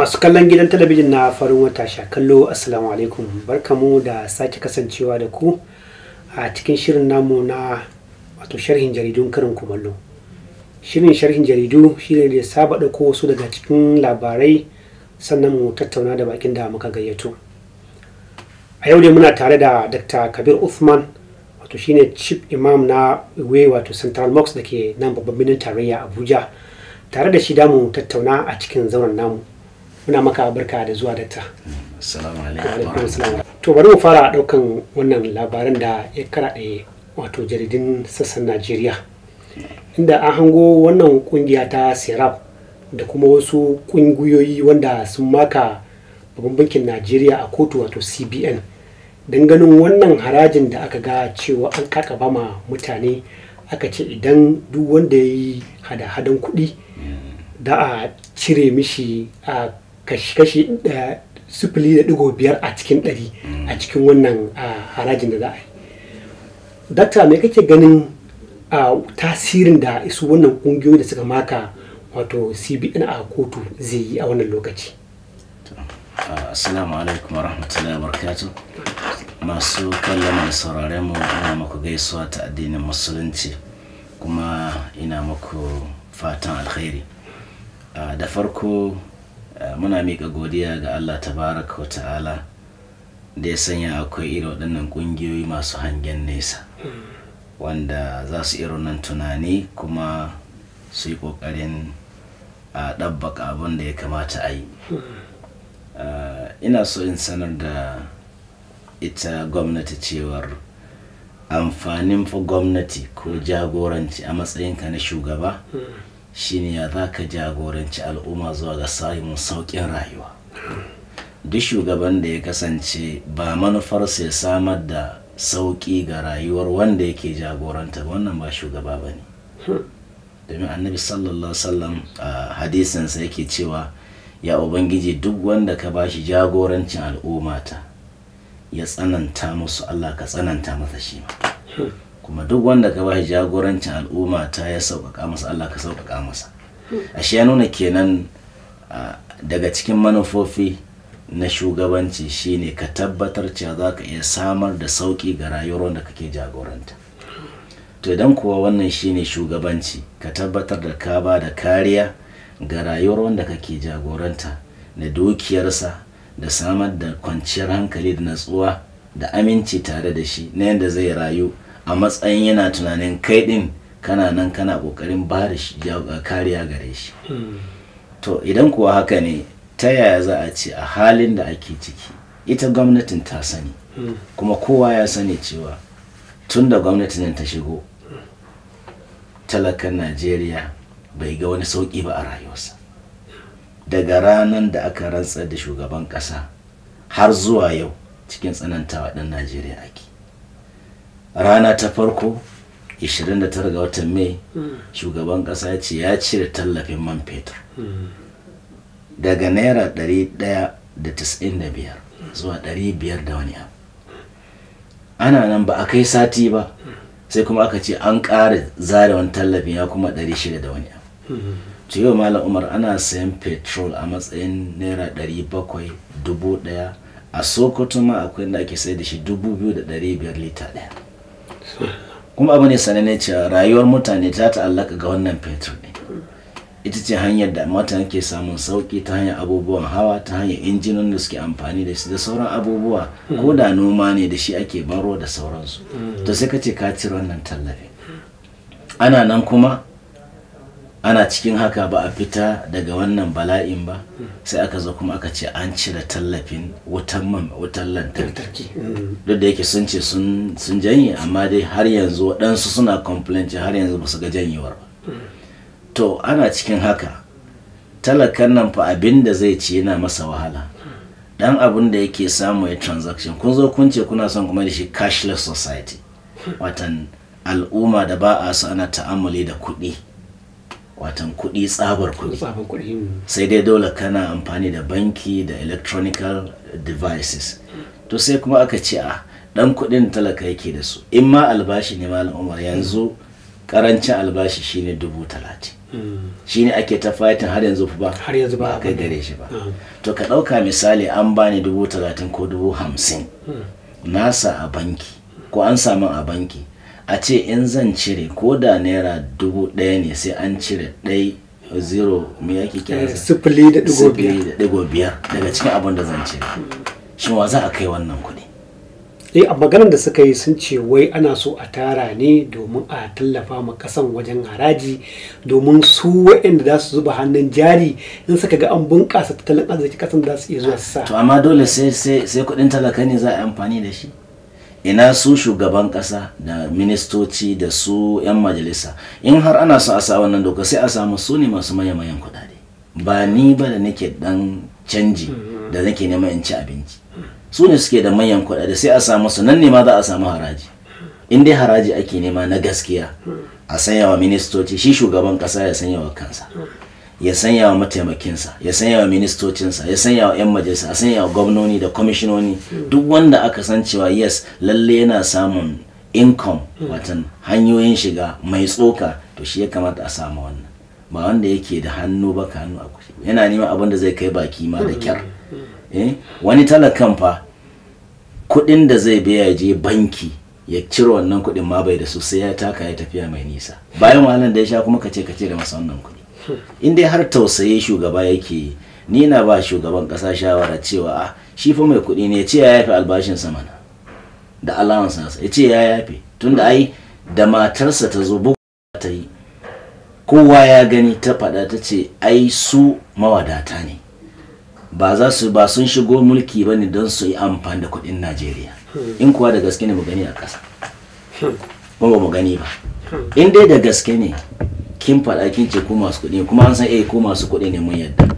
masu kallon gidan talabijin na farin wata sha kallo assalamu alaikum barkamu da sake kasancewa da ku a cikin shirin namu na wato sharhin jaridun karin kumallo shirin sharhin jaridu shine da saba ɗauko wasu daga cikin labarai sannan mu tattauna da bakin da muka gayyato a yau dai muna tare da dr kabir uthman wato shine chief imam na uwe wato central mosque da ke nan babban birnin tarayya abuja tare da shi damu tattauna a cikin zauren namu muna maka barka da zuwa da ta. to bari mu fara daukan wannan labaran da ya karaɗe wato jaridun sassan najeriya inda an hango wannan kungiya ta serap da kuma wasu kungiyoyi wanda sun maka babban bankin najeriya a kotu wato cbn don ganin wannan harajin da aka ga cewa an kakaba ma mutane aka ce idan duk wanda ya yi hada-hadan kuɗi da mm. a cire mishi a kashi kashi da da digo biyar a cikin ɗari a cikin wannan harajin da za a yi dakta mai kake ganin tasirin da isu wannan ƙungiyoyi da suka maka wato cbn a kotu zai yi a wannan lokaci assalamu alaikum warahmatullahi wabarakatuh masu kallon mai saurare mu ina maku gaisuwa ta addinin musulunci kuma ina maku fatan alkhairi da farko Eh, muna miƙa godiya ga allah tabaraka wa ta'ala da ya sanya akwai irin waɗannan ƙungiyoyi masu hangen nesa wanda za su irin nan tunani kuma su yi ƙoƙarin a ɗabbaƙa abin da ya kamata a yi eh, ina so in sanar da ita gwamnati cewar amfanin fa gwamnati ko jagoranci a matsayinka na shugaba shine ya za ka jagoranci al'umma zuwa ga samun sauƙin rayuwa duk shugaban da ya kasance ba manufarsa ya samar da sauƙi ga rayuwar wanda yake jagoranta wannan ba shugaba ba ne domin annabi sallallahu sallam a hadisinsa yake cewa ya ubangiji duk wanda ka ba shi jagorancin al'umma ta ya tsananta musu allah ka tsananta masa shi ma kuma duk wanda ka ba shi jagorancin al'umma ta ya sauƙaƙa masa Allah ka sauƙaƙa masa shi ya nuna kenan daga cikin manufofi na shugabanci shine ka tabbatar cewa za ka iya samar da sauƙi ga rayuwar wanda kake jagoranta to idan kuwa wannan shine shugabanci ka tabbatar da ka ba da kariya ga rayuwar wanda kake jagoranta na dukiyarsa da samar da kwanciyar hankali da natsuwa da aminci tare da shi na yadda zai rayu a matsayin yana tunanin kai din kana nan kana kokarin ba da shi kariya gare shi to idan kuwa haka ne ta yaya za a ce a halin da ake ciki ita gwamnatin ta sani kuma kowa ya sani cewa tun da gwamnatin ta shigo talakan najeriya bai ga wani sauƙi ba a rayuwarsa daga ranar da aka rantsar da shugaban ƙasa har zuwa yau cikin tsanantawa ɗan najeriya ake rana ta farko 29 ga watan mai hmm. shugaban kasa ce ya cire tallafin man fetur hmm. daga naira 195 zuwa 500 da wani abu ana nan ba a kai sati ba sai kuma aka ce an ƙara zare wani tallafin ya kuma 600 da wani abu to yau malam umar ana sayan petrol a matsayin naira 700 dubu daya a sokoto ma akwai da ake sai da shi biyar lita daya kuma abu ne sananne cewa rayuwar mutane ta ta'allaka ga wannan fetur ne ita ce hanyar da mutane ke samun sauki ta hanyar abubuwan hawa ta hanyar injinan da suke amfani da shi da sauran abubuwa ko da noma ne da shi ake baro da sauransu to sai ka ce ka ci wannan tallafi ana nan kuma ana cikin haka ba a fita daga wannan bala'in ba sai aka zo kuma aka ce an cire tallafin wutan wutan lantarki duk da yake sun ce sun janye amma dai har yanzu waɗansu suna complaint har yanzu ba su ga janyewar ba to ana cikin haka talakan nan fa abin da zai ci yana masa wahala dan abin da yake samu ya transaction kun zo kun ce kuna son kuma da shi cashless society watan al'umma da ba a su ana ta'amuli da kuɗi watan kuɗi tsabar kudi hmm. sai dai dole kana amfani da banki da electronical devices to sai kuma aka ce a ah, ɗan kuɗin talaka yake da su in ma albashi ne malam umar hmm. yanzu karancin albashi shine dubu talatin hmm. shine ake ta fatin har yanzu ba har yanzu ba kai gare shi ba to ka ɗauka misali an bani dubu talatin ko dubu hamsin nasa a banki ko an samu a banki a ce in zan cire ko da naira dubu ɗaya ne sai an cire ɗai zero mai yake kira eh, sifili da ɗigo biyar daga cikin abin da zan cire shi wa za a kai wannan kuɗi eh a maganar da suka yi sun ce wai ana so a tara ne domin a tallafa ma kasan wajen haraji domin su waɗanda za su zuba hannun jari in suka ga an bunƙasa tattalin arziki kasan za su iya zuwa sa to amma dole sai sai kuɗin talaka ne za a yi amfani da shi ina su shugaban kasa da ministoci da su 'yan majalisa in har ana son a sa wannan doka sai a samu su ne masu mayan kudade ba ni ba da nake dan canji da nake neman in ci abinci su ne suke da manyan kudade sai a samu su nan ne ma za a samu haraji in dai haraji ake nema na gaskiya a sanya ministoci shi shugaban kasa ya sanya wa kansa ya sanya wa mataimakinsa ya sanya wa ministocinsa ya sanya wa 'yan majalisa a sanya wa gwamnoni da kwamishinoni hmm. duk wanda aka san cewa yes lalle yana samun income hmm. watan hanyoyin shiga mai tsoka to shi ya kamata a samu wannan ba wanda yake da hannu ba ka hannu a kushe yana neman abin da zai kai baki ma da hmm. kyar eh, wani talakan fa kuɗin da zai biya je banki ya cire wannan kuɗin ma bai da su sai ya taka ya tafiya mai nisa bayan wahalar da ya sha kuma kace kace da masa wannan kuɗi in dai har tausaye shugaba yake yi ni na ba shugaban kasa shawara cewa a ah, shi fa mai kuɗi ne ya ce ya yafe albashin mana da allowance nasa ya ce ya yafe tunda ai da matarsa ta zo bugu ta yi kowa ya gani ta faɗa ta ce ai su mawadata ne ba za su ba sun shigo mulki ba ne don su yi amfani da kuɗin najeriya in kuwa da gaske ne mu gani a ƙasa ba mu gani ba hmm. in dai da gaske ne kin faɗa kin ce ko masu kuɗi kuma an san eh ko masu kuɗi ne mun yadda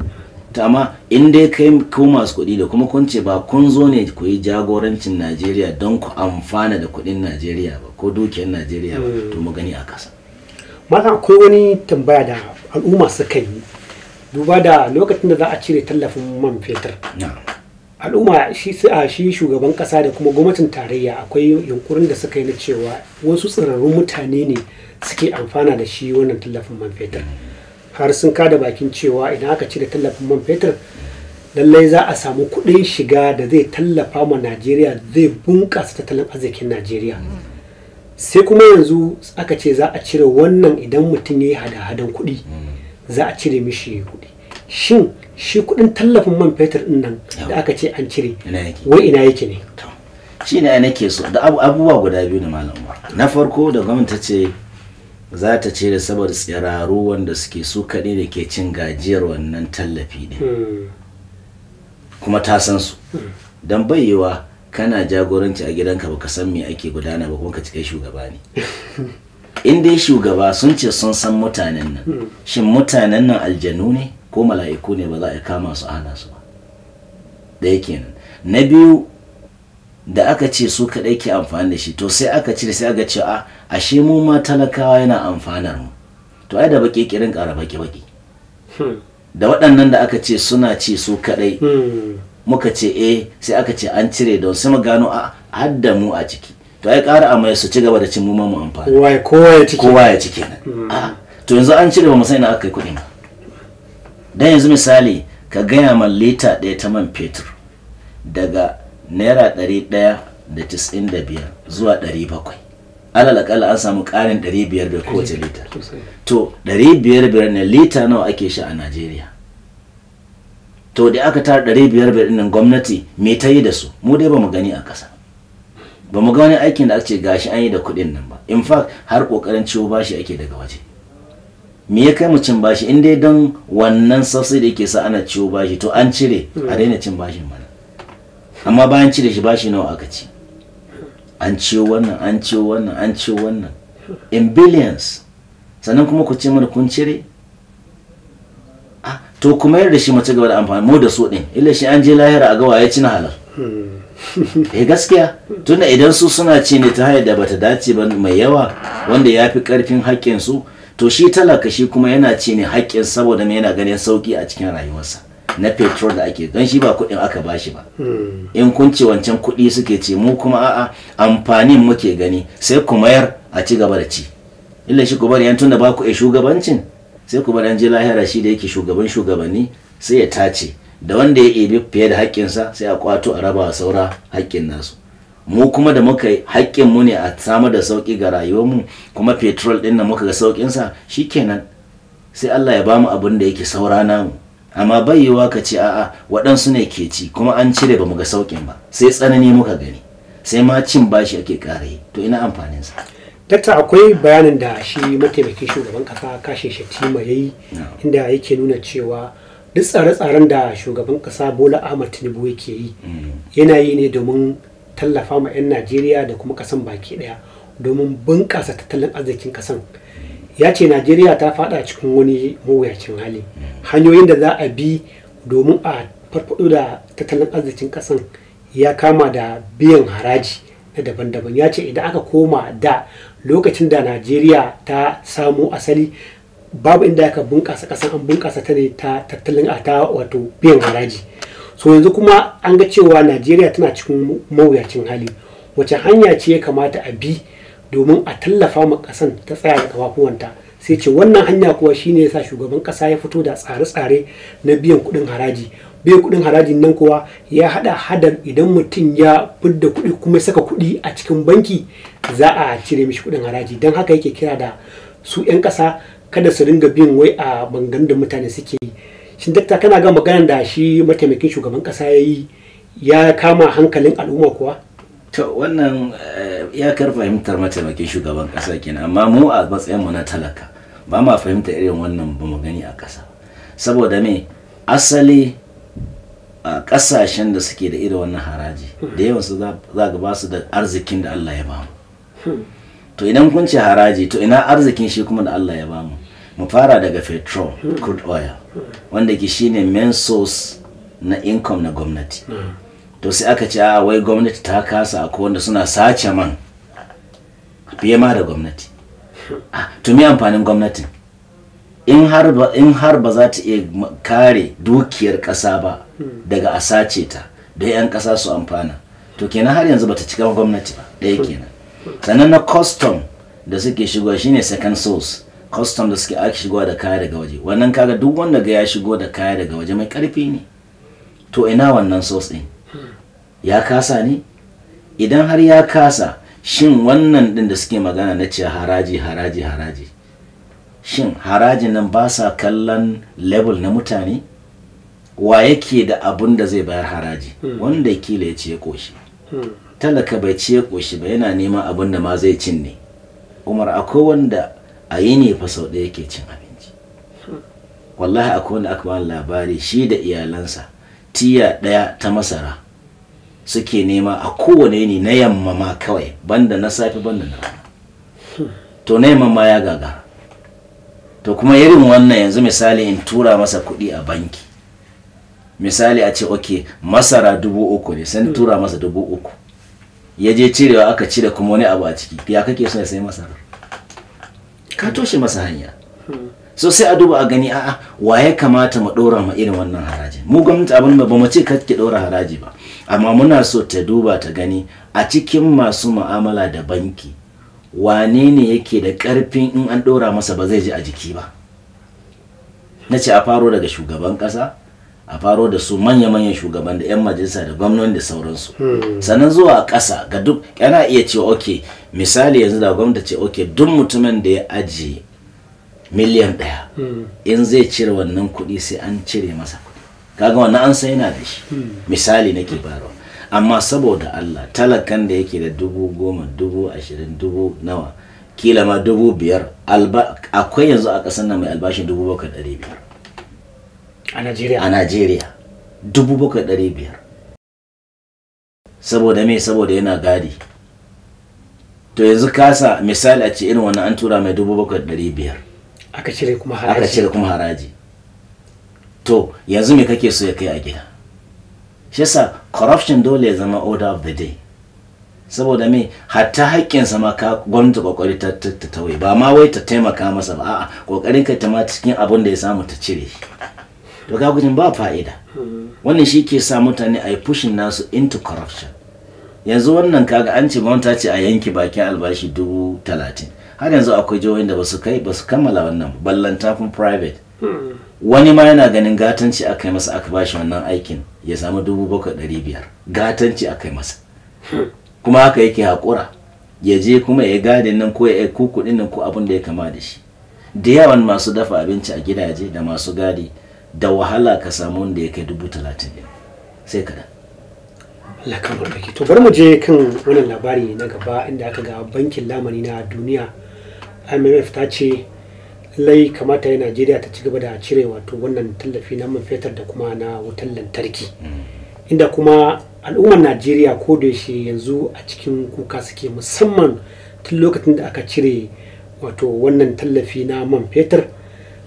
to amma in dai kai ko masu kuɗi da kuma kun ce ba kun zo ne ku yi jagorancin Najeriya don ku amfana da kuɗin Najeriya ba ko dukiyar Najeriya ba to mu gani a kasa mata akwai wani tambaya da al'umma suka yi duba da lokacin da za a cire tallafin man fetur al'umma shi a shi shugaban kasa da kuma gwamnatin tarayya akwai yunkurin da suka yi na cewa wasu tsirarrun mutane ne suke amfana da shi wannan tallafin man fetur har sun da bakin cewa idan aka cire tallafin man fetur lallai za a samu kuɗin shiga da zai tallafa ma najeriya zai bunƙasa tattalin arzikin najeriya sai kuma yanzu aka ce za a cire wannan idan mutum ya yi hada-hadan kuɗi za a cire mishi kuɗi shin shi kuɗin tallafin man fetur ɗin nan da aka ce an cire wai ina yake ne shi ne nake so da abubuwa guda biyu ne malam na farko da gwamnati ce za ta ce da saboda tsiraru wanda suke su kaɗai da ke cin gajiyar wannan tallafi ne hmm. kuma ta san su hmm. don bayyewa kana jagoranci a gidanka baka san me ake gudana ba kuma ka cika shugaba ne in dai shugaba sun ce sun san mutanen nan hmm. shin mutanen nan aljanu ne ko mala'iku ne ba za a kama su ana su ba ɗaya kenan na biyu da aka ce su kaɗai ke amfani da shi to sai aka cire sai aka ce a ashe mu ma talakawa yana amfanar mu to ai da baki kirin ƙara baki baki hmm. da waɗannan da aka ce suna ci su kaɗai hmm. muka ce eh sai aka ce an cire don sai mu gano a hadda mu a ciki to ai ƙara a mai su ci gaba da cin mu ma mu amfani kowa ya ciki kowa ya ciki hmm. to yanzu an cire ba mu san ina aka yi kuɗi ba dan yanzu misali ka gaya man lita ɗaya ta man fetur daga naira ɗari ɗaya da da biyar zuwa ɗari bakwai alal an samu karin ɗari da kowace lita to ɗari biyar biyar lita nawa ake sha a najeriya to da aka tara ɗari biyar ɗin gwamnati me ta yi da su mu dai ba mu gani a ƙasa ba mu ga wani aikin da ake gashi an yi da kuɗin nan ba in fact har kokarin ciwo bashi ake daga waje me ya kai mu cin bashi in dai don wannan da yake sa ana ciwo bashi to an cire a daina cin bashin mana amma bayan ci da shi bashi nawa aka ci an ciyo wannan an ciyo wannan an ciyo wannan in billions sannan kuma ku ce mana kun cire to kuma yar da shi mace gaba da amfani mu da su din illa shi an je lahira a gawa ya ci na halal hmm. eh gaskiya tunda idan su suna ci ne ta hanyar da bata dace ba mai yawa wanda ya fi karfin haƙƙin su to shi talaka shi kuma yana ci ne haƙƙin saboda me yana ganin sauki a cikin rayuwarsa na petrol da ake don shi ba kuɗin aka bashi ba hmm. in kun ce wancan kuɗi suke ce mu kuma a'a amfanin muke gani sai ku mayar a ci gaba da ci illa shi ku bari yan tunda ba ku shugabancin sai ku bari an lahira shi da yake shugaban shugabanni sai ya tace da wanda ya ebi fiye da sa sai a kwato a raba saura haƙƙin nasu mu kuma da muka haƙƙin mu ne a samar da sauki ga rayuwar mu? kuma petrol ɗin nan muka ga saukin sa shikenan sai Allah ya bamu abin da yake saura namu amma baiwa ka ce a'a waɗansu ne ke ci kuma an cire ba mu ga sauƙin ba sai tsanani muka gani sai ma cin bashi ake ƙara yi to ina amfanin sa dakta akwai bayanin da shi mataimakin shugaban kasa kashe shatima ya yi inda yake nuna cewa duk tsare-tsaren da shugaban kasa bola ahmad tinubu yake yi mm. yana yi ne domin tallafa ma 'yan najeriya da kuma kasan baki daya domin bunƙasa tattalin arzikin kasan ya ce najeriya ta fada cikin wani mawuyacin hali hanyoyin da za a bi domin a farfado da tattalin arzikin kasan ya kama da biyan haraji na daban-daban ya ce idan aka koma da lokacin da najeriya ta samu asali babu inda aka bunƙasa kasan an bunƙasa ta ne ta tattalin a ta wato biyan haraji so yanzu kuma an ga cewa najeriya tana cikin mawuyacin hali wace hanya ce ya kamata a bi domin a tallafa ma kasan ta tsaya da kafafuwanta sai ce wannan hanya kuwa shine yasa shugaban kasa ya fito da tsare-tsare na biyan kudin haraji biyan kudin harajin nan kuwa ya hada hadar idan mutum ya fidda kuɗi kuma ya saka kuɗi a cikin banki za a cire mishi kudin haraji don haka yake kira da su 'yan kasa kada su ringa biyan wai a bangan da mutane suke yi shin dakta kana ga maganar da shi mataimakin shugaban kasa ya ya kama hankalin al'umma kuwa to wannan eh, iyakar fahimtar mataimakin shugaban kasa kenan amma mu a matsayinmu na talaka ba ma fahimta irin wannan ba mu gani a kasa saboda me asali a kasashen da suke da irin wannan haraji da yawan su za ga ba su da arzikin da Allah ya bamu to idan kun ce haraji to ina arzikin shi kuma da Allah ya bamu mu fara daga petrol crude oil wanda ke shine main source na income na gwamnati hmm. to sai aka ce a ah, wai gwamnati ta kasa a wanda suna sace man fiye ma da gwamnati ah, to me amfanin gwamnatin in har ba za ta iya kare dukiyar ƙasa ba daga a sace ta da 'yan kasa su amfana to kenan har yanzu ba ta cika gwamnati ba ɗaya kenan sannan na custom da suke shigowa shine second source custom da suke ake shigowa da kaya daga waje wannan kaga duk wanda ga ya shigo da kaya daga waje mai karfi ne to ina wannan source din ya kasa ne idan har ya kasa shin wannan din da suke magana na ce haraji haraji haraji shin haraji nan ba sa kallon level na mutane wa yake da abun da zai bayar haraji hmm. wanda ya kila ya ce koshi hmm. talaka bai ce koshi ba yana neman abun da ma zai cin ne umar akwai wanda a yi ne fa sau ɗaya yake cin abinci hmm. wallahi akwai wanda aka labari shi da iyalansa tiya ɗaya ta masara suke nema a kowane yini na yamma ma kawai banda na safi banda na rana to na yamma ma ya gaga to kuma irin wannan yanzu misali in tura masa kuɗi a banki misali a ce ok masara dubu uku ne sai hmm. tura masa dubu uku ya je cirewa aka cire kuma wani abu a ciki ya kake so sai masara ka toshe masa hanya hmm. so sai a duba a gani a'a wa ya kamata mu ɗora ma irin wannan haraji mu gwamnati abin ba mu ce ka ke ɗora haraji ba amma muna so ta duba ta gani a cikin masu mu'amala da banki wane ne yake da karfin in an ɗora masa ba zai ji a jiki ba na ce a faro daga shugaban ƙasa a faro da su manya-manyan shugaban da 'yan majalisa da gwamnoni da sauransu hmm. sannan zuwa ƙasa ga duk yana iya cewa oke misali yanzu da gwamnati ce ok duk mutumin da ya ajiye miliyan ɗaya hmm. in zai cire wannan kuɗi sai an cire masa kaga wannan an san yana da shi hmm. misali nake baro amma saboda Allah talakan da yake da dubu goma dubu ashirin dubu nawa kila ma dubu biyar akwai yanzu a ƙasar nan mai albashin dubu bakwai ɗari biyar a Najeriya a Najeriya dubu bakwai ɗari biyar saboda me saboda yana gadi to yanzu kasa misali a ce irin wannan an tura mai dubu bakwai ɗari biyar aka cire kuma haraji to yanzu me kake so ya kai a gida shi yasa corruption dole ya zama order of the day saboda me hatta hakkin sama ka gwamnati kokari ta tattauye ba ma wai ta taimaka masa ba a'a kokarin ka ta ma cikin abin da ya samu ta cire shi to ga gudun ba fa'ida wannan shi ke sa mutane a yi pushing nasu into corruption yanzu wannan kaga an ce gwamnati ce a yanki bakin albashi dubu talatin har yanzu akwai jihohin da ba su kai ba kammala wannan ballantafin private hmm. wani ma yana ganin gatanci a kai masa aka ba shi wannan aikin ya samu dubu bakwai ɗari biyar gatanci a kai masa kuma haka yake haƙura ya je kuma ya gadin nan ko ya ko kuɗin nan ko abin da ya kama da shi da yawan masu dafa abinci a gidaje da masu gadi da wahala ka samu wanda ya kai dubu talatin ne sai kaɗan. Allah to bari mu je kan wannan labari na gaba inda aka ga bankin lamani na duniya IMF ta ce lallai kamata ya najeriya ta ci gaba da cire wato wannan tallafi na man fetur da kuma na wutan lantarki mm. inda kuma al'ummar najeriya ko da yaushe yanzu a cikin kuka suke musamman tun lokacin da aka cire wato wannan tallafi na man fetur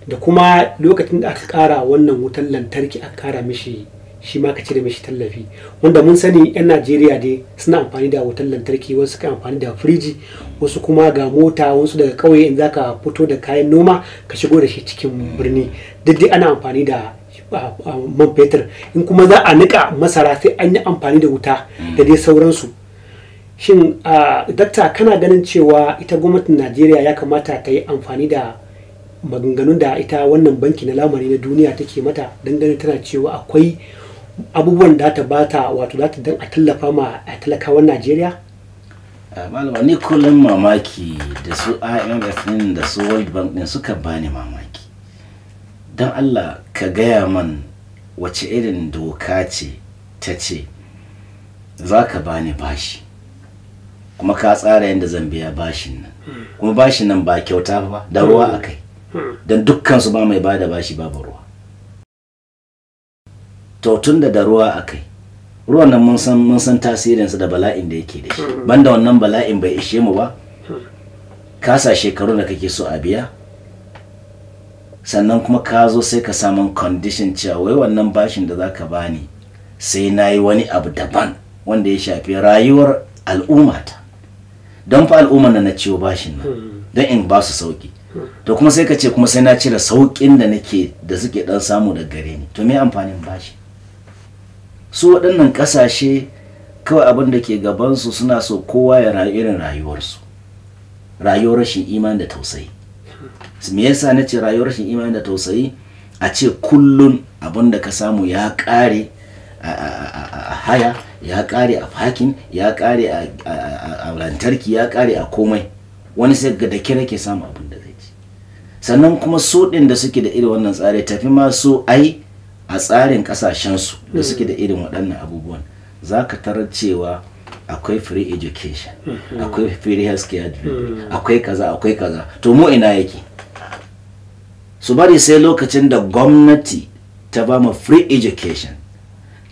da kuma lokacin da aka kara wannan wutan lantarki aka kara mishi shi ma ka cire mishi tallafi wanda mun sani 'yan najeriya dai suna amfani da wutar lantarki wasu ka amfani da firiji wasu kuma ga mota wasu daga ƙauye in za ka fito da kayan noma ka shigo da shi cikin birni duk dai ana amfani da man fetur in kuma za a niƙa masara sai an yi amfani da wuta da dai sauransu shin dakta kana ganin cewa ita gwamnatin najeriya ya kamata ta yi amfani da maganganun da ita wannan banki na lamari na duniya take mata dangane tana cewa akwai abubuwan da ta bata wato za ta dan a tallafa ma a talakawan Najeriya? Ah, malama ni kullum mamaki da su IMF din da su World Bank din suka bani mamaki. Don Allah ka gaya man wace irin doka ce ta ce za ka bani bashi kuma ka tsara yadda zan biya bashin nan hmm. kuma bashin nan ba kyauta ba da ruwa akai hmm. hmm. don dukkan su ba mai bada bashi babu ruwa to tun da ruwa a kai ruwan nan mun san mun san tasirinsa da bala'in da yake da shi banda wannan bala'in bai ishe mu ba kasa shekaru da kake so a biya sannan kuma ka zo sai ka samun condition cewa wai wannan bashin da za ka bani sai na yi wani abu daban wanda ya shafi rayuwar al'ummata don fa al'ummar na na ciwo bashin nan don in ba su sauki to kuma sai ka ce kuma sai na cire saukin da nake da suke dan samu da gare ni to me amfanin bashi su waɗannan ƙasashe kawai abin da ke gabansu suna so kowa ya rayu irin rayuwarsu rayuwar rashin imani da tausayi me yasa na ce rayuwar rashin imani da tausayi a ce kullun abin da ka samu ya ƙare a haya ya ƙare a fakin ya ƙare a lantarki ya ƙare a komai wani sai ga da kira ke samu abin da zai ci sannan kuma su ɗin da suke da irin wannan tsari tafi ma su ai a tsarin kasashensu da hmm. suke da irin waɗannan abubuwan za ka tarar cewa akwai free education hmm. akwai free healthcare hmm. akwai kaza akwai kaza to mu ina yake su bari sai lokacin da gwamnati ta ba mu free education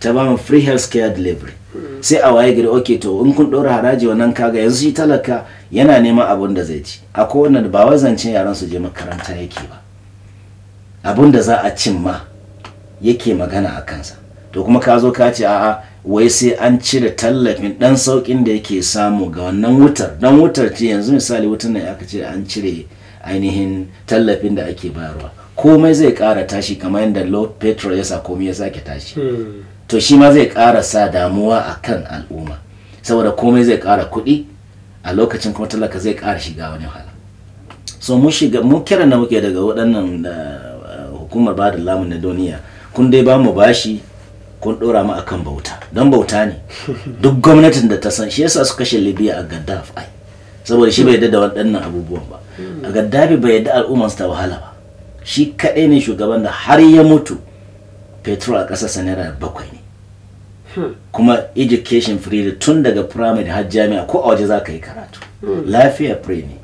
ta ba mu free healthcare delivery sai a waye gari oke to in kun ɗora haraji wannan kaga yanzu shi talaka yana neman abun da zai ci a wannan ba wai zancen yaran su je makaranta yake ba abun da za a cimma yake magana a kansa to kuma ka zo ka ce a'a wai sai an cire tallafin dan saukin da yake samu ga wannan wutar dan wutar ce yanzu misali wutar nan aka ce an cire ainihin tallafin da ake bayarwa komai zai kara tashi kamar yadda lord petro ya sa komai ya sake tashi hmm. to shi ma zai ƙara sa damuwa a kan al'umma saboda komai zai kara kuɗi a lokacin kuma talaka zai kara shiga wani hala so mun shiga mu kiran da muke daga waɗannan eh, hukumar bada da lamun na duniya kun dai ba mu bashi kun dora mu akan bauta don bauta ne duk gwamnatin da ta san shi yasa su kashe libya a gaddafi ai saboda shi bai yadda da waɗannan abubuwan ba hmm. a gaddafi bai yadda al'ummar ta wahala ba shi kaɗai ne shugaban da har ya mutu petrol a kasarsa naira bakwai ne hmm. kuma education free tun daga primary har jami'a ko a waje za ka yi karatu hmm. lafiya free ne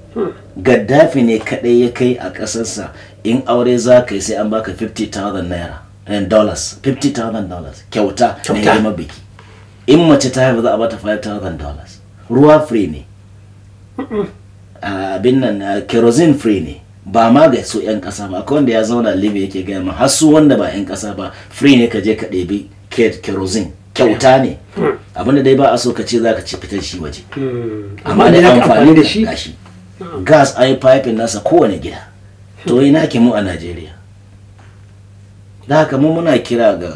gaddafi ne kaɗai ya kai a ƙasarsa in aure za ka yi sai an baka 50,000 naira Eh, dollars thousand dollars kyauta biki in mace ta haifa za a bata 5,000 dollars ruwa free ne ah, abin nan ah, kerosene free ne ba ma ga su 'yan kasa ba akwai wanda ya zauna libya yake gaya ma har su wanda ba 'yan kasa ba free ne ka je ka ɗebi kerosene kyauta ne mm. abinda dai ba a so ka ce za ka ci fitar shi waje mm. amma da amfani da shi mm. gas ai pipe nasa kowane gida to ina ke mu a najeriya da haka mu muna kira ga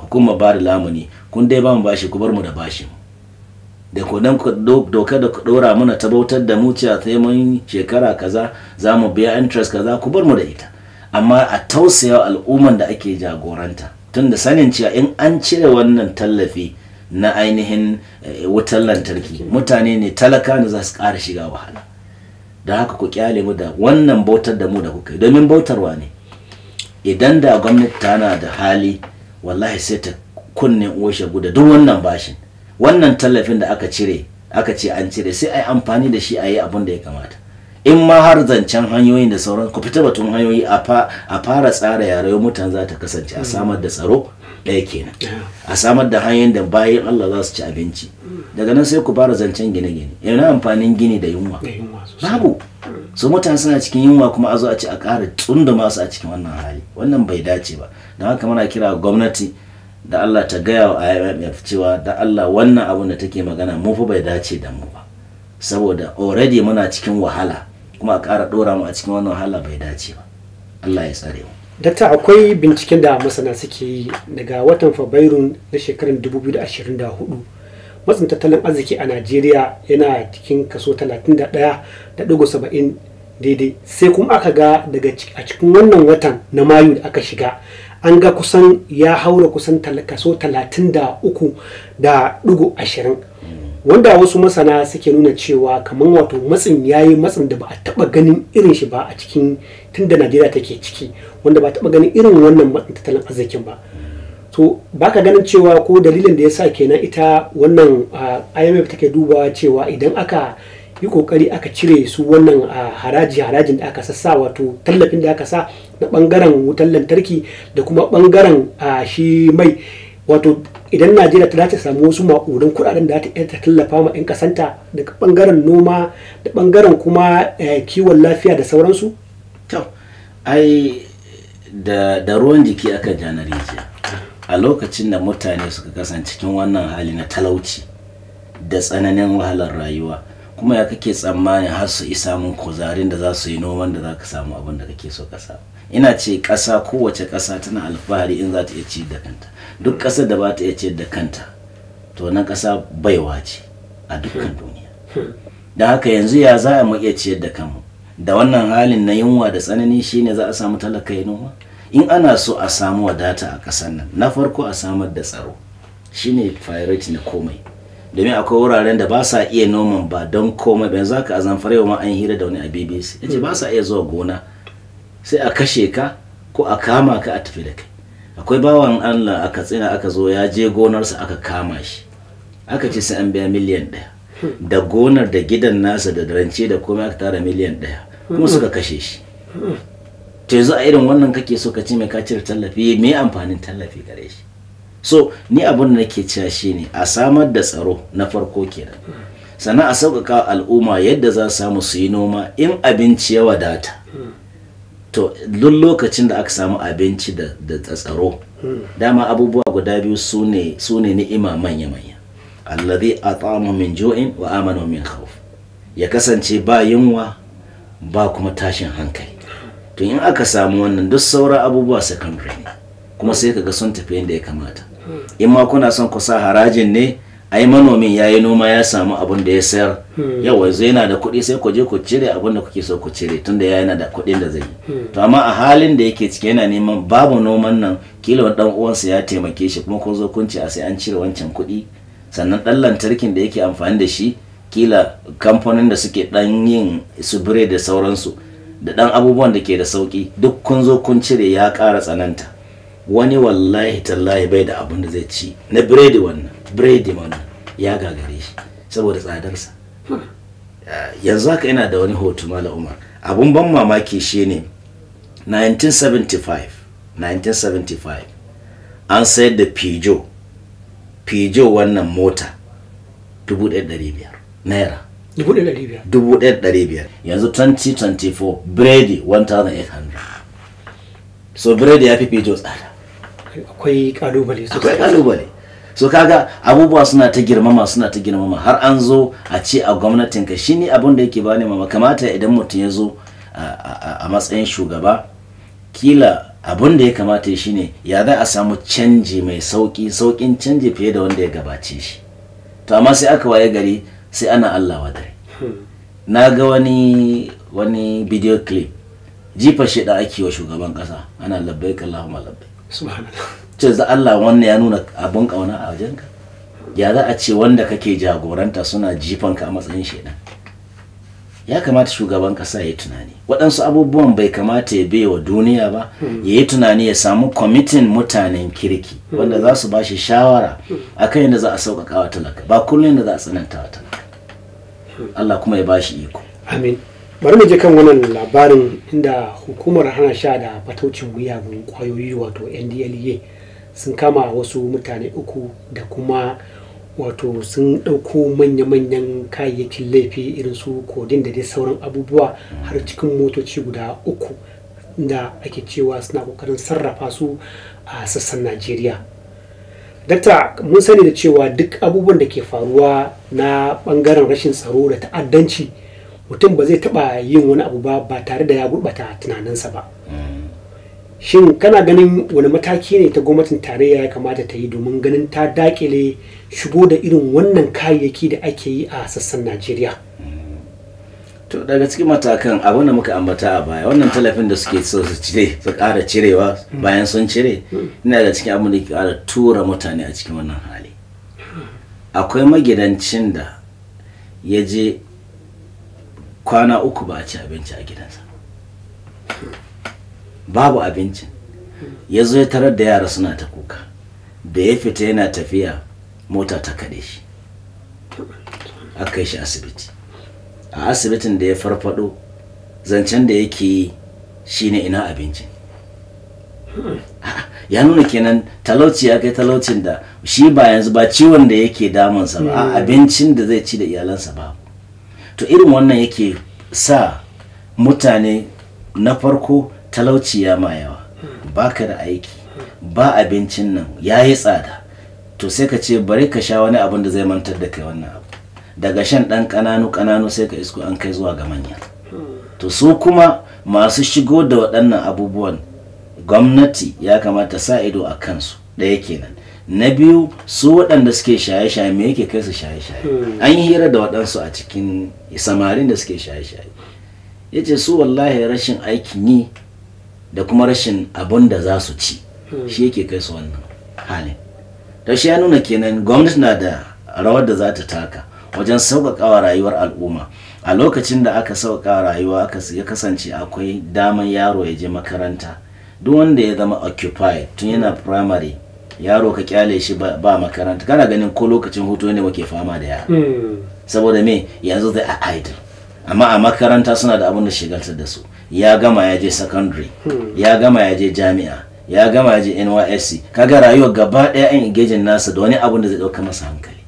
hukumar bada lamuni kun dai ba mu bashi ku bar mu da bashi da doka da dora mana ta bautar da mu cewa sai mun shekara kaza za mu biya interest kaza ku bar mu da ita amma a tausaya al'umman da ake jagoranta tun sanin cewa in an cire wannan tallafi na ainihin eh, wutar lantarki mutane ne talaka ne za su ƙara shiga wahala da haka ku kyale mu da wannan bautar da mu da kuka domin bautarwa ne idan da gwamnati tana da hali wallahi sai ta kunne uwashe guda duk wannan bashin wannan tallafin da aka cire aka ce an cire sai a yi amfani da shi a yi abin da ya kamata in ma har zancen hanyoyin da sauran ku fita batun hanyoyi a fara tsara yare mutan za ta kasance a samar da tsaro ɗaya kenan a samar da hanyoyin da bayan allah za su ci abinci daga nan sai ku fara zancen gine-gine yana amfanin gini da yunwa babu su mutane suna cikin yunwa kuma a zo a ci a ƙara tsunda masu a cikin wannan hali wannan bai dace ba don haka muna kira gwamnati da Allah ta gaya wa IMF cewa da Allah wannan abun da take magana mu fa bai dace da mu ba saboda already muna cikin wahala kuma a ƙara ɗora mu a cikin wannan wahala bai dace ba Allah ya tsare mu Dakta akwai binciken da masana suke yi daga watan Fabrairu na shekarar 2024 matsin tattalin arziki a Najeriya yana cikin kaso 31 da ɗigo saba'in daidai sai kuma aka ga daga a cikin wannan watan na mayu da aka shiga an ga kusan ya haura kusan kaso talatin da uku da ɗigo ashirin wanda wasu masana suke nuna cewa kamar wato matsin ya yi matsin da ba a taba ganin irin shi ba a cikin tunda najeriya take ciki wanda ba a taba ganin irin wannan matsin tattalin arzikin ba to baka ganin cewa ko dalilin da ya sa kenan ita wannan imf take dubawa cewa idan aka yi kokari aka cire su wannan a haraji harajin da aka sassa wato tallafin da aka sa na bangaren wutan lantarki da kuma bangaren shi mai wato idan najeriya ta dace samu wasu ma'urin kudaden da ta iya tallafa ma 'yan kasanta daga bangaren noma da bangaren kuma eh, kiwon lafiya da sauransu da, ruwan jiki aka janarijiya rijiya a lokacin da mutane suka kasance cikin wannan hali na talauci da tsananin wahalar rayuwa kuma ya kake tsammanin har su isa mun kuzarin da za su yi noman da za ka samu abin da kake so ka samu ina ce ƙasa kowace ƙasa tana alfahari in za ta iya ci da kanta duk ƙasar da ba ta iya ci da kanta to na ƙasa baiwa ce a dukkan duniya da haka yanzu ya za mu iya ciyar da kanmu da wannan halin na yunwa da tsanani shine za a samu talakai noma in ana so a samu wadata a ƙasar nan na farko a samar da tsaro shine priority na komai domin akwai wuraren da ba sa iya noman ba don komai bayan za ka a zamfare ma an hira da wani a bbc ya ce ba sa iya zuwa gona sai a kashe ka ko a kama ka a tafi da kai akwai bawan allah a katsina aka zo ya je gonarsa aka kama shi aka ce sai an biya miliyan ɗaya da gonar da gidan nasa da rance da komai aka tara miliyan ɗaya kuma suka kashe shi to yanzu a irin wannan kake so ka ce mai ka cire tallafi me amfanin tallafi gare shi so ni abin da nake cewa shine a samar da tsaro na farko kenan sannan a sauƙaƙa al'umma yadda za samu su yi noma in abinci ya wadata to duk lokacin da aka samu abinci da tsaro dama abubuwa guda biyu su ne ni'ima manya-manya alladhi at'ama min jo'in wa amana min khawf ya kasance ba yunwa ba kuma tashin hankali to in aka samu wannan duk sauran abubuwa secondary kuma sai ka ga sun tafi yadda ya kamata in ma kuna son ku sa harajin ne ai manomin ya yi noma ya samu abin da ya sayar hmm. yawa zai yana da kuɗi sai ku je ku cire abin da kuke so ku cire tunda ya yana da kuɗin da zai yi hmm. to amma a halin da yake ciki yana neman babu noman nan kila ɗan uwansa ya taimake shi kuma kun zo kun ce a sai an cire wancan kuɗi sannan ɗan lantarkin da yake amfani da shi kila kamfanin da suke ɗan yin su bire da sauransu da ɗan abubuwan da ke da sauƙi duk kun zo kun cire ya ƙara tsananta wani wallahi tallahi bai da abin da zai ci na biredi wannan biredi wannan ya gagare shi saboda tsadarsa hmm. yanzu haka yana da wani hoto mala umar abun ban mamaki shine 1975 1975 an sayar da pijo pijo wannan mota 1500 naira 1500 yanzu 2024 biredi 1800 so biredi ya fi pijo tsada akwai kalubale akwai kalubale so kaga abubuwa suna ta girmama suna ta girmama har an zo a ce a gwamnatin ka shine abin da yake bani mama kamata idan mutum ya zo a matsayin shugaba kila abin da ya kamata shine ya za a samu canji mai sauki saukin canji fiye da wanda ya gabace shi to amma sai aka waye gari sai ana Allah wadare hmm. na ga wani wani video clip jifa shi da ake wa shugaban kasa ana labbaik Allahumma labbaik ce da Allah wannan ya nuna abin kauna a wajenka ya za a ce wanda kake jagoranta suna jifan ka a matsayin shaidan ya kamata shugaban kasa ya tunani waɗansu abubuwan bai kamata ya bai wa duniya ba hmm. ya yi tunani ya samu kwamitin mutanen kirki wanda za su ba shi shawara hmm. akan yadda za a sauƙaƙa wa talaka ba kullum da za a tsananta wa talaka hmm. Allah kuma ya ba shi iko amin bari mu je kan wannan labarin inda hukumar hana sha da fataucin miyagun kwayoyi wato ndlea sun kama wasu mutane uku da kuma wato sun ɗauko manya-manyan kayayyakin laifi irin su kodin da dai sauran abubuwa har cikin motoci guda uku da ake cewa suna kokarin sarrafa su a sassan najeriya dakta mun sani da cewa duk abubuwan da ke faruwa na ɓangaren rashin tsaro da ta'addanci mutum ba zai taba yin wani abu ba ba tare da ya gurɓata tunaninsa ba shin kana ganin wani mataki ne ta gwamnatin tarayya ya kamata ta yi domin ganin ta dakile shigo da irin wannan kayayyaki da ake yi a sassan najeriya to daga cikin matakan abin da muka ambata a baya wannan talafin da suke so su cire su ƙara cirewa bayan sun cire ina da cikin abin da ke ƙara tura mutane a cikin wannan hali akwai magidancin da ya je kwana uku ba a ci abinci a gidansa babu abinci ya zo ya tarar da yara suna ta kuka da ya fita yana tafiya mota ta kaɗai, shi akai shi asibiti a asibitin da ya farfado zancen da yake yi shine ina abincin ya nuna kenan talauci ya kai talaucin da shi ba yanzu ba ciwon da yake damunsa ba abincin da zai ci da iyalansa ba to irin wannan yake sa mutane na farko talauci ya ma yawa ba ka da aiki ba abincin nan ya yi tsada to sai ka ce bari ka sha wani abin da zai mantar da kai wannan abu daga shan ɗan ƙananu ƙananu sai ka isko an kai zuwa ga manya to su kuma masu shigo da waɗannan abubuwan gwamnati ya kamata sa ido a kansu ɗaya kenan na biyu su waɗanda suke shaye-shaye me yake kai su shaye-shaye hmm. an yi hira da waɗansu a cikin samarin da suke shaye-shaye ya ce su wallahi rashin aikin yi da kuma rashin abun da za su ci hmm. shi yake kai su wannan halin ta shi ya nuna kenan gwamnati na da rawar da za ta taka wajen sauƙaƙawa rayuwar al'umma a lokacin da aka sauƙaƙa rayuwa aka ya kasance akwai daman yaro ya je makaranta duk wanda ya zama occupied tun yana primary yaro ka kyale shi ba makaranta kana ganin ko lokacin hutu ne muke fama da yara hmm. saboda me yanzu zai a idle amma a makaranta suna da abin da shigaltar da su ya gama ya je secondary hmm. ya gama ya je jami'a ya gama ya je nysc kaga rayuwar gaba ɗaya an engaging nasa da wani abin da zai dauka masa hankali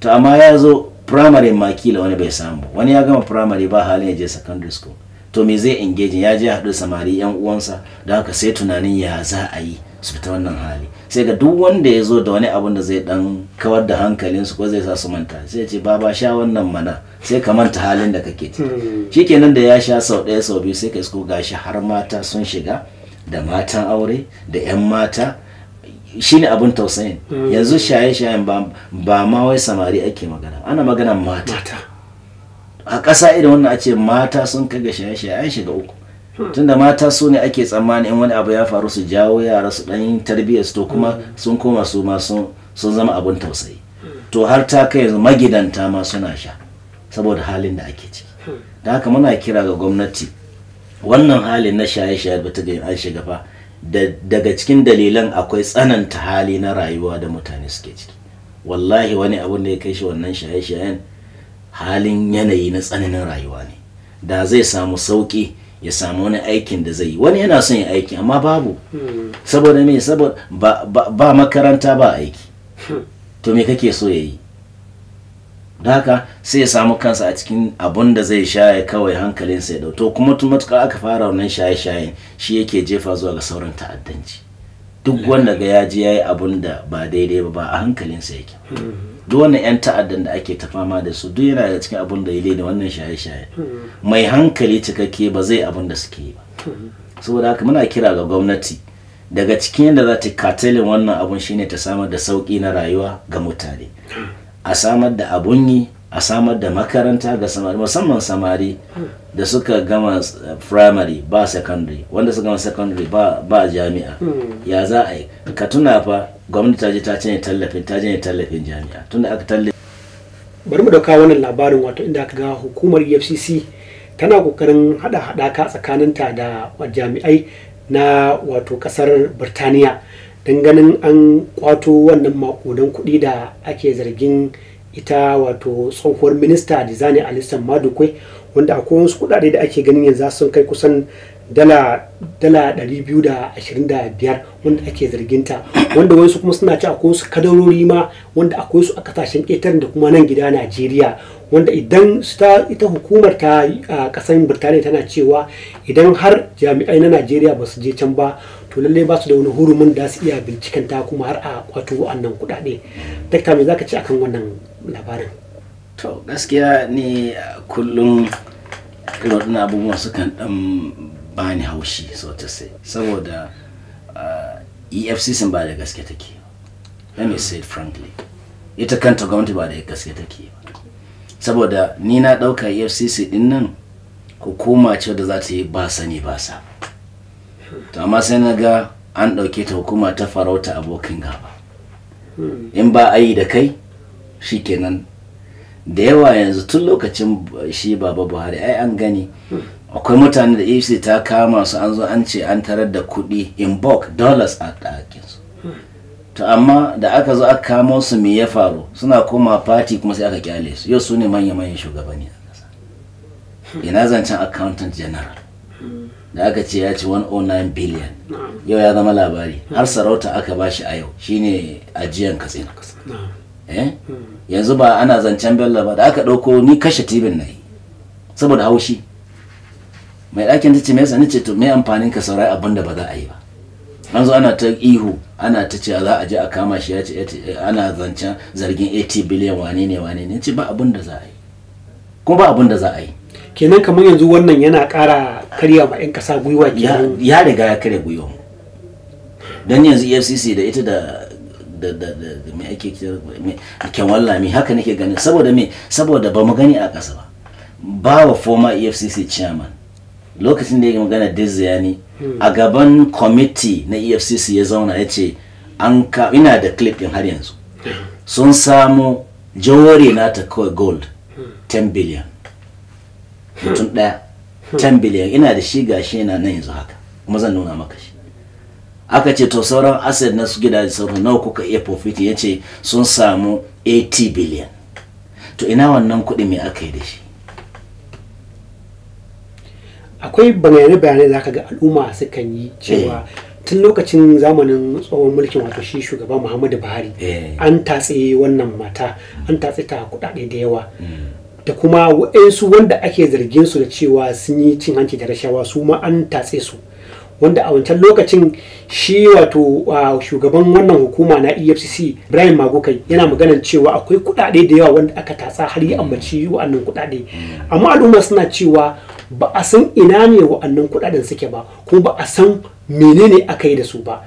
to amma ya zo primary ma kila wani bai samu wani ya gama primary ba halin ya je secondary school to me zai engaging ya je haɗu samari yan uwansa da haka sai tunanin ya za a yi su fita wannan hali sai ga duk wanda ya zo da wani abun da zai dan kawar da hankalinsu ko zai sa su manta sai ce baba sha wannan mana sai ka manta halin da kake ciki hmm. shikenan da ya sha sau ɗaya sau biyu sai ka isko gashi har mata sun shiga da matan aure da 'yan mata shine abun tausayin hmm. yanzu shaye shaye ba ma wai samari ake magana ana magana mata a ƙasa idan wannan a ce mata sun kaga shaye-shaye an shiga uku Hmm. tunda mata su ne ake tsammani in wani abu ya faru su jawo yara su dan tarbiyyar su to kuma hmm. sun koma su ma sun zama abun tausayi hmm. to har ta kai yanzu magidanta ma suna sha saboda halin da ake ciki da haka muna kira ga gwamnati wannan halin na shaye-shaye ba ta ga an shiga fa daga cikin dalilan akwai tsananta hali na rayuwa da mutane suke ciki wallahi wani abun da ya kai shi wannan shaye-shayen halin yanayi na tsananin rayuwa ne da zai samu sauki ya samu wani aikin da zai yi wani yana son yin aiki amma babu saboda me saboda ba makaranta ba aiki to me kake so ya yi da haka sai ya samu kansa a cikin abun da zai shaye kawai hankalinsa ya to kuma tun matuƙar aka fara wannan shaye-shayen shi yake jefa zuwa ga sauran ta'addanci duk wanda ga ya ji ya yi abun da ba daidai ba a hankalinsa yake duk wannan 'yan ta'addan da ake ta fama da su duk yana da cikin abin da ya da wannan shaye-shaye mai hankali cikakke ba zai abin da suke yi ba saboda haka muna kira ga gwamnati daga cikin yadda za ta katilin wannan abun shine ta samar da sauki na rayuwa ga mutane a samar da abun yi a samar da makaranta ga samari musamman samari da suka gama eh, primary ba secondary wanda suka gama secondary ba, ba jami'a ya za a yi ka tuna fa gwamnati ta je ta canye tallafin ta janye tallafin jami'a tunda aka tallafi bari mu dauka wannan labarin wato inda aka ga hukumar efcc tana kokarin hada hadaka tsakaninta da jami'ai na wato kasar birtaniya don ganin an kwato wannan makudan kuɗi da ake zargin ita wato tsohuwar minista da zane alistan madukwe wanda akwai wasu kuɗaɗe da ake ganin yanzu sun kai kusan dala dala 225 wanda ake zarginta wanda wasu kuma suna ci akwai wasu kadarori ma wanda akwai su a kasashen ketar da kuma nan gida najeriya wanda idan ita hukumar ta a ƙasar birtaniya tana cewa idan har jami'ai na najeriya ba su je can ba to lallai ba su da wani hurumin da su iya binciken ta kuma har a kwato wannan kuɗaɗe dakta me zaka ci akan wannan labarin to gaskiya ne kullum irin abubuwan kan dan bani haushi so ta say saboda uh, efcc ba da gaske take let me say it frankly ita kanta gwamnati ba da gaske take ba saboda ni na ɗauka efcc din nan hukuma ce da za ta yi ba sani ba sa to amma sai na ga an ɗauke ta hukuma ta farauta abokin gaba in ba a yi da kai shi kenan da yawa yanzu tun lokacin shi baba buhari ai an gani akwai mutane da efcc ta kama su an zo an ce an tarar da kuɗi in bulk dollars a ɗakinsu to amma da aka zo aka kamo su me ya faru suna koma fati kuma sai aka kyale su yau su ne manya-manyan shugabanni a ƙasa ina zancen accountant general da aka ce ya ci 109 billion yau ya zama labari har sarauta aka bashi a yau shine ajiyan katsina eh? hmm. yanzu ba ana zancen bello ba da aka ɗauko ni kashe tibin na yi saboda haushi mai ɗakin ta ce me yasa ce to me amfanin ka saurayi abin da ba za a yi ba an zo ana ta ihu ana ta ce za a je a kama shi ya ce eh, eh, ana zancen zargin 80 biliyan wane ne wane ne ce ba abin da za a yi kuma ba abin da za a yi kenan kamar yanzu wannan yana ƙara karya ma 'yan ƙasa gwiwa ya riga ya karya gwiwa don yanzu efcc da ita da da da da me ake haka nake ganin saboda me saboda ba mu gani a ƙasa ba ba wa former efcc chairman lokacin da ya magana ne hmm. a gaban kwamiti na efcc ya zauna ya ce an ka ina da clip din har yanzu hmm. sun samu jawari ta kawai gold 10 hmm. billion mutum daya 10 billion ina da shi shi yana nan yanzu haka kuma zan nuna maka shi aka ce to sauran asset na su gidaje sauran nawa kuka iya profit ya ce sun samu 80 billion to ina wannan kuɗi me aka yi da shi akwai bayanai bayanai ka ga al'umma sukan yi cewa eh. tun lokacin zamanin tsohon mulkin wato shi shugaba muhammadu buhari eh. an tatse wannan mata an tatse ta kudade da yawa hmm. da kuma waɗansu wanda ake zargin su da cewa sun yi cin hanci da rashawa su ma an tatse su wanda a wancan lokacin shi wato shugaban wannan hukuma na efcc ibrahim magokai yana maganar cewa akwai kudade da yawa wanda aka tatsa har yi ambaci wa'annan kudade hmm. amma al'umma suna cewa ba a san ina ne wa'annan kuɗaɗen suke ba ko ba a san menene aka yi da su ba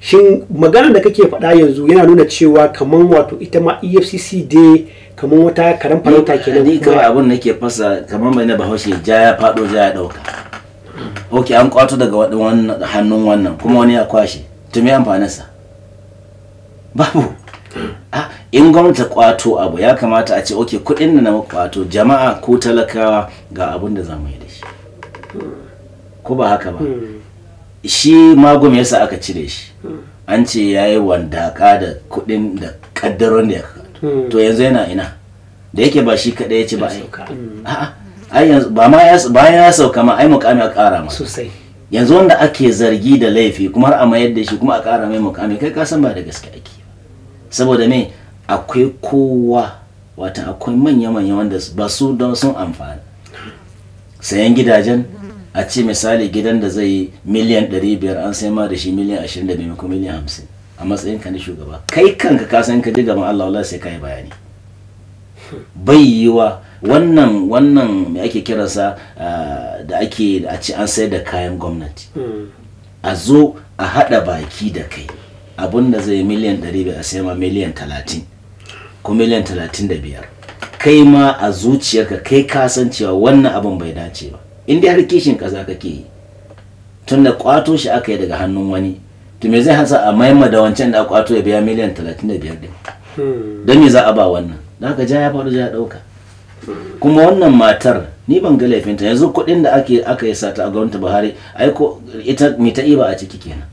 shin magana da kake faɗa yanzu yana nuna cewa kamar wato ita ma efcc dai kamar wata karan farauta ke kuma ni kawai abin nake fasa kamar mai na bahaushe ja ya fado ja ya dauka. ok an kwato daga wannan hannun wannan kuma wani ya kwashe to me sa babu ah, in gwamnati kwato abu ya kamata a ce oke kudin da na kwato jama'a ko talakawa ga abin da zamu yi da shi ko ba haka ba shi magum yasa aka cire shi an ce ya yi wandaka da kudin da kaddaron da ya to yanzu yana ina da yake ba shi kadai ya ce ba ai ba ma ba ya sauka ma ai mukami a kara ma sosai yanzu wanda ake zargi da laifi kuma har a mayar da shi kuma a kara mai mukami kai ka san ba da gaske ake saboda me akwai kowa watan akwai manya-manya wanda ba su don sun amfana sayan gidajen a ce misali gidan da zai miliyan 500 an sai ma da shi miliyan 20 da maimakon miliyan 50 a matsayin ka na shugaba kai kanka ka san ka ji gaban Allah Allah sai kai bayani bai yi wa wannan wannan me ake kiransa da ake a ce an sai da kayan gwamnati a zo a hada baki da kai abun da zai miliyan 500 a sai ma miliyan 30 ko miliyan biyar kai ma a zuciyarka kai ka san cewa wannan abin bai dace ba in dai har kishin kaza kake yi tun da kwato shi aka yi daga hannun wani to me zai hasa a maimma da wancan da kwato ya biya miliyan 35 din hmm. don me za a ba wannan da haka ja ya faɗo ja ɗauka. kuma wannan matar ni ban ga laifinta yanzu kuɗin da ake aka yi sata a gwamnati Buhari ai ko ita mi ta iba a ciki kenan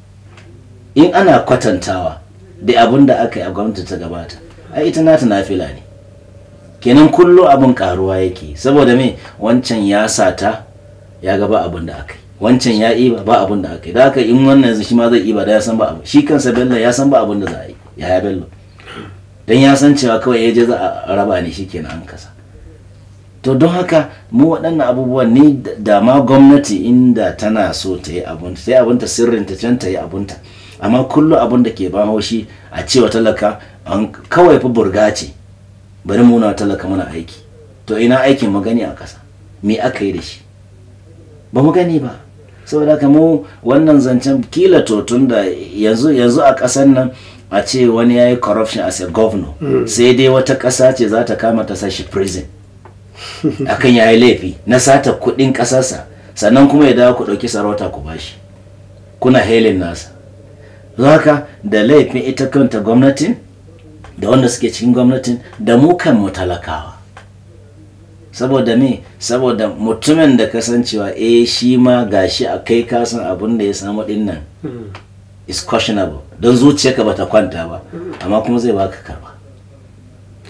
in ana kwatantawa da abin da aka yi a gwamnati ta gabata ai ita nata nafila ne kenan kullu abin karuwa yake saboda me wancan ya sata ya ga ba abin da aka yi wancan ya iba ba abin da aka yi da haka in wannan yanzu shi ma zai iba da ya san ba abin shi kansa bello ya san ba abin da za a yi ya ya bello dan ya san cewa kawai ya je za a raba ne shi kenan an kasa to don haka mu waɗannan abubuwan ni da ma gwamnati inda tana so ta yi abunta ta yi abunta sirrin ta can ta yi abunta amma kullum abun da ke ba haushi a cewa talaka an kawai fa burga ce bari muna na talaka mana aiki to ina aikin magani a ƙasa me aka yi da shi ba mu gani ba saboda haka mu wannan zancen kila to da yanzu yanzu a ƙasar nan a ce wani yayi yi corruption as a governor hmm. sai dai wata ƙasa ce za ta kama ta sashi prison akan yayi laifi na sata kuɗin ƙasarsa sannan kuma ya dawo ku ɗauki sarauta ku bashi kuna helin nasa haka da laifin ita kanta gwamnatin da wanda suke cikin gwamnatin da mu kanmu talakawa saboda me saboda mutumin da kasancewa eh shi ma gashi a kai kasan abin da ya samu din nan hmm. is questionable don zuciyarka bata kwanta ba amma kuma zai baka karba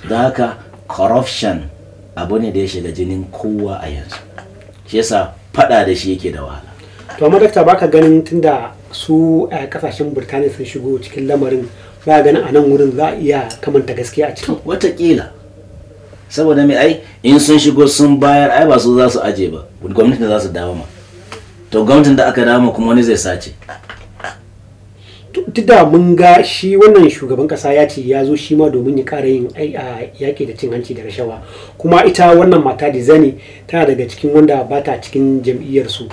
don haka corruption abu ne da ya shiga jinin kowa a yanzu shi yasa fada da shi yake da wahala to amma dakta baka ganin tunda su a eh, kasashen burtaniya sun shigo cikin lamarin ya gani a nan wurin za a iya kamanta gaskiya a cikin watakila saboda mai ai in sun shigo sun bayar ai ba su za su aje ba gwamnati za su dawo ma to gwamnatin da aka dawo kuma wani zai sace duk da mun ga shi wannan shugaban kasa ya ce ya zo shi ma domin ya kara yin yaƙi da cin hanci da rashawa kuma ita wannan mata da zani tana daga cikin wanda ba ta cikin jam'iyyarsu. su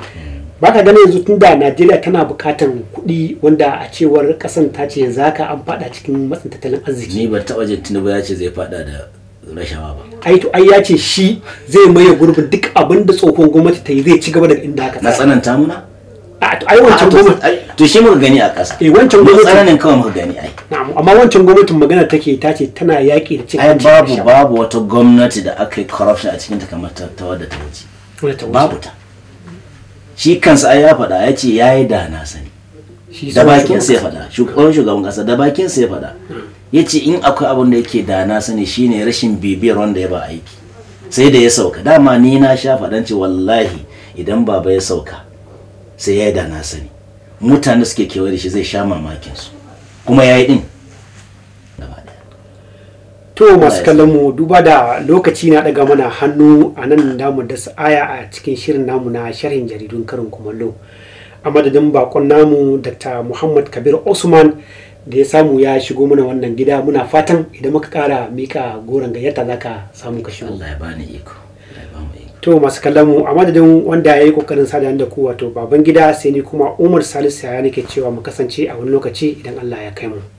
ba ka yanzu yanzu tunda najeriya tana bukatan kuɗi wanda a cewar kasan ta ce yanzu haka an fada cikin matsin tattalin arziki ni ban taɓa jin tinubu ya ce zai fada da rashawa ba ai to ai ya ce shi zai maye gurbin duk abin da tsohon gwamnati ta yi zai ci gaba daga inda haka na tsananta muna a to ai wancan gwamnati to shi muka gani a ƙasa eh wancan gwamnati tsananin kawai muka gani ai na'am amma wancan gwamnatin magana take ta ce tana yaƙi da cin ai babu babu wata gwamnati da aka yi corruption a cikin ta kamar ta wadda ta wuce babu ta shi kansa ya faɗa ya ce ya yi da na sani da bakin sai faɗa shugaban shugaban kasa da bakin sai faɗa ya ce in akwai abin da yake da na sani shine rashin bibiyar wanda ya ba aiki sai da ya sauka dama ni na sha faɗan ce wallahi idan baba ya sauka sai ya yi da na sani mutane suke kewaye da shi zai sha mamakinsu kuma ya yi ɗin to masu kallon duba da lokaci na daga mana hannu a nan damu da aya a cikin shirin namu na sharhin jaridun karin kumallo a madadin bakon namu dr muhammad kabir osman da ya samu ya shigo mana wannan gida muna fatan idan muka kara mika goron gayyata zaka samu ka shigo Allah ya bani iko to masu kallon a madadin wanda ya yi kokarin sada da ku wato baban gida sai ni kuma umar salisu ya nake cewa mu kasance a wani lokaci idan Allah ya kai mu